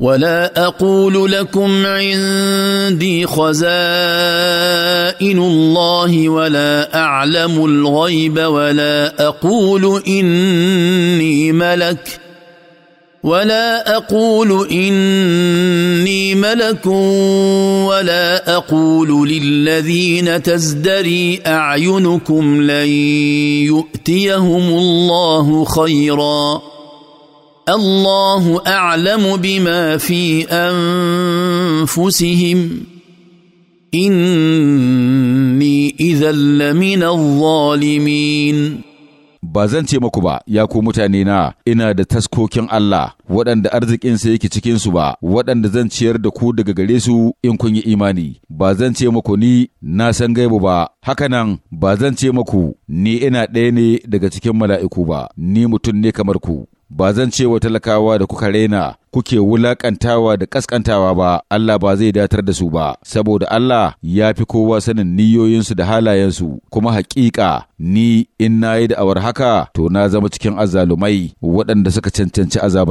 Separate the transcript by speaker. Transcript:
Speaker 1: ولا أقول لكم عندي خزائن الله ولا أعلم الغيب ولا أقول إني ملك ولا أقول إني ملك ولا أقول للذين تزدري أعينكم لن يؤتيهم الله خيراً الله اعلم بما في انفسهم inni idan lamina zalimin
Speaker 2: ba zan ce maku ba ya ku mutane na ina da taskokin Allah waɗanda arzikinsa yake cikinsu ba waɗanda zan ciyar da ku daga gare su in kun yi imani ba zan ce maku ni na san gaibu ba hakanan ba zan ce maku ni ina ɗaya ne daga cikin mala'iku ba ni mutum ne kamar ku ba zan ce wa talakawa da kuka rena kuke wulakantawa da ƙasƙantawa ba Allah ba zai datar da su ba saboda Allah ya fi kowa sanin niyoyinsu da halayensu kuma haƙiƙa ni in nayi da awar haka to na zama cikin azzalumai waɗanda suka cancanci azaba